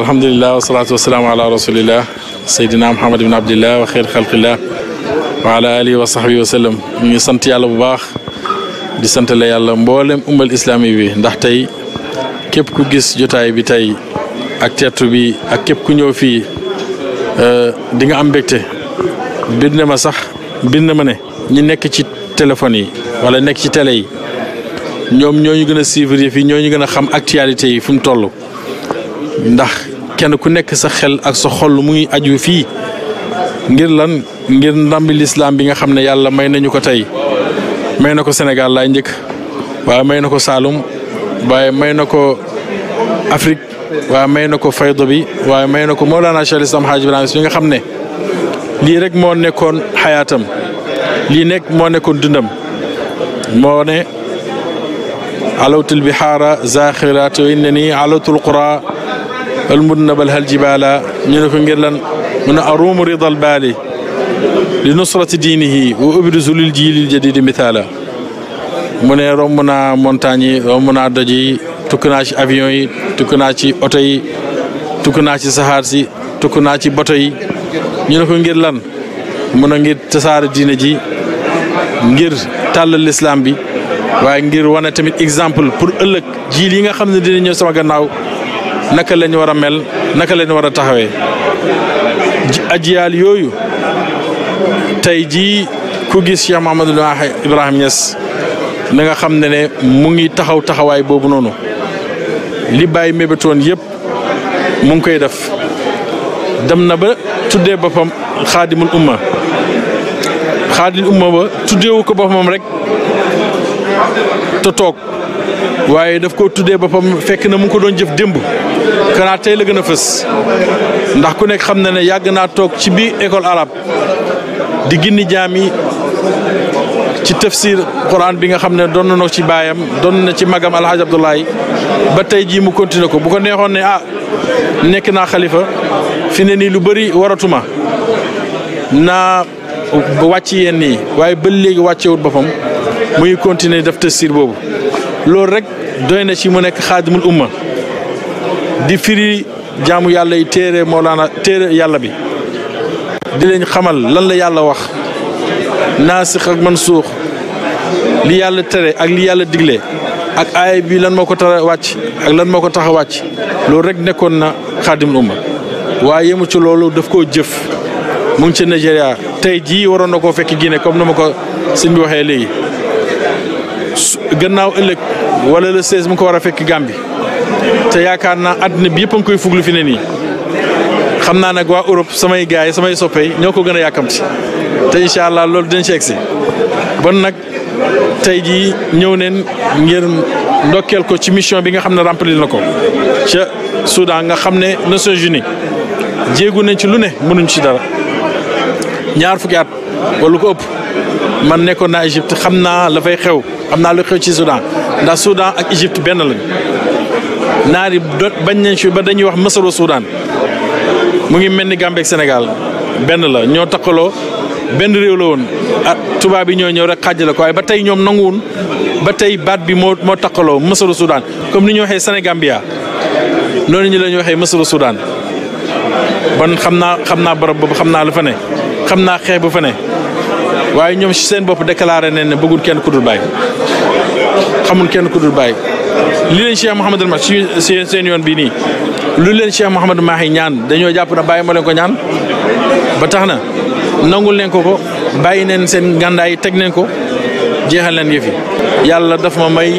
الحمد لله والصلاة والسلام على رسول الله سيدنا محمد بن عبد الله وخير خلق الله وعلى آله وصحبه وسلم من سنت يالله بباخ دي سنت الله يالله مبولم أم الإسلامي بي ندح تاي كيب كو جيس جوتاي بي تاي اك تياتو بي اك كيب كو نيو في دينا أم بكتة بدنا ما صح بدنا ما نه ني نك تي تلفوني ولا نك تي تلي نيوم نيو ني غنا سيفري في نيو ني غنا خام اكتياليتي فيم تولو ndax kenn ku nekk sa xel ak sa xol mu ngi aju fii ngir lan ngir ndambi lislaam bi nga xam ne yàlla may nañu ko tey may na ko Sénégal laay njëkk waaye may na ko Saalum waaye may na ko Afrique waaye may na ko faydo bi waaye may na ko Mawlana Cheikh Islam Hadj Ibrahima bi nga xam ne lii rek moo nekkoon xayaatam lii nekk moo nekkoon dundam moo ne alawtul bihaara zaxiraat wa innani alawtul qura al na bal hal jibaala ñu ne ko ngir lan mu ne aruumu ridal baali li nusrati diinihi wa ubrizu lil jiilil jadidi mithaala mu ne romb naa montagne romb naa doj yi tukk naa ci avion yi tukk naa ci oto yi tukk naa ci saxaar si tukk naa ci bato yi ñu ne ko ngir lan mu ne ngir tasaare diine ji ngir tàllal lislaam bi waaye ngir wane tamit exemple pour ëllëg jiil yi nga xam ne dina ñëw sama gannaaw naka lañ war a mel naka lañ war a taxawee ajiyaal yooyu tey jii ku gis Cheikh Mouhamadou Ibrahima Niass na nga xam ne ne mu ngi taxaw taxawaay boobu noonu li bàyyi mébétoon yëpp mu ngi koy def dem na ba tuddee boppam xaadimul umma xaadimul umma ba tuddeewu ko boppam rek te toog waaye daf ko tuddee boppam fekk na mu ngi ko doon jëf démb kanaa tey la gën a fës ndax ku nekk xam na ne yàgg naa toog ci biir école arabe di ginni jaam yi ci tafsir quran bi nga xam ne doon na ci baayam doon na ci magam alhaji abdoulaye ba tey jii mu continuer ko bu ko neexoon ne ah nekk naa xalifa fi ne nii lu bëri waratuma naa wàcc yenn yi waaye ba léegi wàccewut boppam muy continuer def tafsir boobu loolu rek doy na ci mu nekk xaadimul umma di firi jaamu yàlla yi téere Mawlaana téere yàlla bi di leen xamal lan la yàlla wax naa naasix man suux li yàlla tere ak li yàlla digle ak aaya bi lan moo ko tara wàcc ak lan moo ko tax loolu rek nekkoon na xaadimul uma waaye yemu ci loolu daf koo jëf mu ngi ci Nigéria tey jii waroon na koo fekk Guinée comme na ma ko sëñ bi waxee léegi gannaaw ëllëg wala le 16 mu ko war a fekk Gambie te yaakaar naa àddina bi yëpp a ngi koy fuglu fi ne nii xam naa nag waa Europe samay gars yi samay soppee ñoo ko gën a yàkkamti te incha allah loolu dinañ ci egsi bon nag tey jii ñëw neen ngir ndokkeel ko ci mission bi nga xam ne remplir na ko ca Soudan nga xam ne Nations Unies jéegu nañ ci lu ne mënuñ ci dara ñaar fukki at wala ko ëpp man nekkoon naa Égypte xam naa la fay xew. xam naa lu xew ci Soudan ndax Soudan ak Égypte benn la naari do bañ nañ ba dañuy wax masalu Soudan mu ngi mel ni Gambie ak Sénégal benn la ñoo takkaloo benn réew la woon ah tubaab yi ñoo ñëw rek xaajale ko waaye ba tey ñoom nanguwun ba tey baat bi moo moo takkaloo masalu Soudan comme ni ñu waxee Sénégambia noonu ñu la ñu waxee masalu Soudan bon xam naa xam naa barab boobu xam naa lu fa ne xam naa xeex bu fa ne waaye ñoom si seen bopp déclaré nañ ne kenn ku dul bàyyi xamul kenn ku dul bàyyi li leen Cheikh Mouhamadul Mahi si seen seen yoon bii nii lu leen Cheikh Mouhamadul Mahi ñaan dañoo jàpp na bàyyi ma leen ko ñaan ba tax na nangul leen ko ko bàyyi neen seen ngàndaay yi teg neen ko jeexal leen yëf yi yàlla daf ma may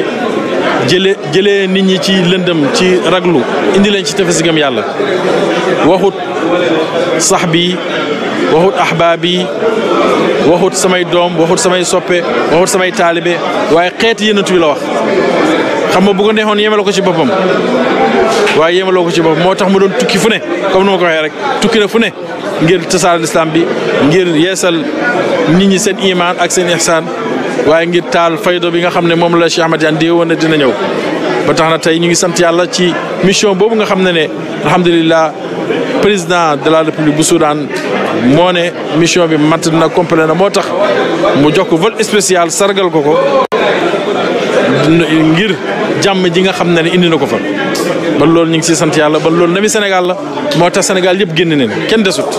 jële jëlee nit ñi ci lëndëm ci raglu indi leen ci tefes gëm yàlla waxut sax waxut axbaab waxut samay doom waxut samay soppe waxut samay taalibe waaye xeeti yéenantu bi la wax xam nga bu ko neexoon yemale ko ci boppam waaye yemaloo ko ci boppam moo tax ma doon tukki fu ne comme ni ma ko waxee rek tukki na fu ne ngir tasaare lislaam bi ngir yesal nit ñi seen imaan ak seen ihsaan waaye ngir taal faydo bi nga xam ne moom la Cheikh Ahmad Tidiane di woon ne dina ñëw ba tax na tey ñu ngi sant yàlla ci mission boobu nga xam ne ne alhamdulilah président de la république bu moo ne mission bi mat na complet na moo tax mu jox ko vol spécial sargal ko ko ngir jàmm ji nga xam ne ne indi na ko fa ba loolu ñu ngi siy sant yàlla ba loolu nami Sénégal la moo tax Sénégal yëpp génn neen kenn desut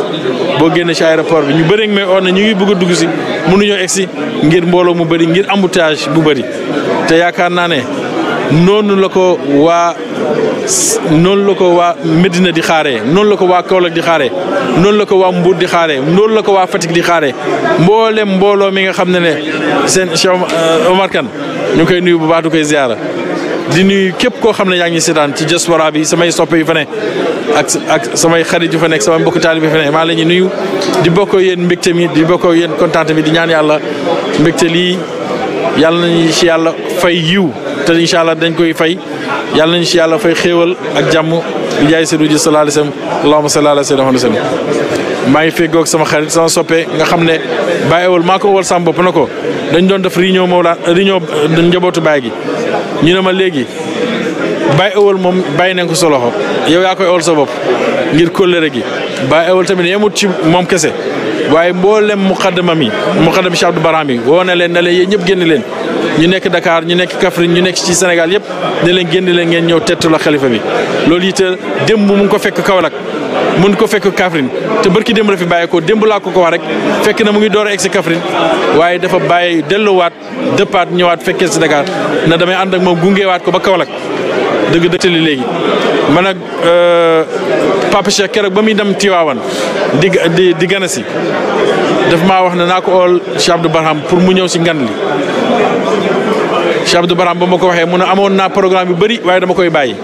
boo génn ci aéroport bi ñu bëri may oo na ñu ngi bëgg a dugg si mënuñoo egg si ngir mbooloo mu bari ngir embouteillage bu bari te yaakaar naa ne noonu la ko waa noonu la ko waa Medina di xaaree noonu la ko waa Kaolack di xaaree noonu la ko waa Mbour di xaaree noonu la ko waa Fatick di xaaree mboolem mbooloo mi nga xam ne ne seen Cheikh Omar euh, ñu koy nuyu bu baax du koy ziara di nuyu képp koo xam ne yaa ngi seetaan ci diaspora bi samay soppe yu fa ne ak ak samay xarit yu fa nekk samay mbokk taalibe yu fa ne maa la ñuy nuyu di bokkoo yéen mbégte mi di bokkoo yéen kontaan mi di ñaan yàlla mbégte lii yàlla nañu ci yàlla fay yiw te incha allah dañ koy fay yàlla nañu si yàlla fay xéewal ak jàmm di jaay si ruuj sallallahu alayhi wa sallam allahumma salli maa ngi feggoog sama xarit sama soppe nga xam ne bàyyiwul maa ko wol sama bopp na ko dañ doon def réunion Mawla réunion euh, njabootu baay gi ñu ne ma léegi bàyyi ëwal moom bàyyi nañ ko sa yow yaa koy ëwal sa bopp ngir kóllëre gi bàyyi ëwal tamit yemut ci moom kese waaye mboolem muqaddama mi muqaddam Cheikh Abdou Baram yi woo na leen na leen yéen ñëpp génn leen ñu nekk Dakar ñu nekk Kaffrine ñu nekk ci senegal yépp ne leen génn leen ngeen ñew tettu la khalifa bi loolu it demb mu ko fekk Kaolack mu ko fekk Kaffrine te barki demb la fi bàyyeekoo demb la ko ko wax rek fekk na mu ngi door ex egg waye dafa baye delu wat delluwaat dëppaat Dakar na damay and ak gungé wat ko ba Kaolack deug dëgg teli legi man ak euh, Papa Cheikh kérok ba muy dem tiwawan di di ganasi daf wax na nako ol Cheikh Abdou Barham pour mu ñew ci ngan Cheikh Abdou Baram ba ma ko waxee mun ne amoon naa programme yu bëri waaye dama koy bàyyi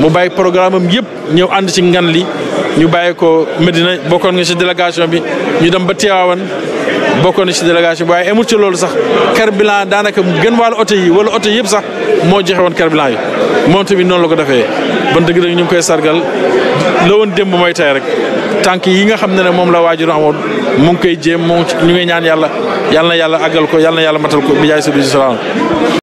mu bàyyi programme am yëpp ñëw ànd ci ngan li ñu bàyyi ko Medina bokkoon nga ci délégation bi ñu dem ba Tivaouane bokkoon ci délégation bi waaye amul ci loolu sax carburant daanaka mu gën wàllu oto yi wala oto yëpp sax moo joxe woon carburant yi moom tamit noonu la ko defee bon dëgg dëgg ñu ngi koy sargal la woon démb mooy tey rek tànk yi nga xam ne ne moom la waajur amoon mu ngi koy jéem mu ñu ngi ñaan yàlla yàlla yàlla àggal ko yàlla yàlla matal ko bi jaay sa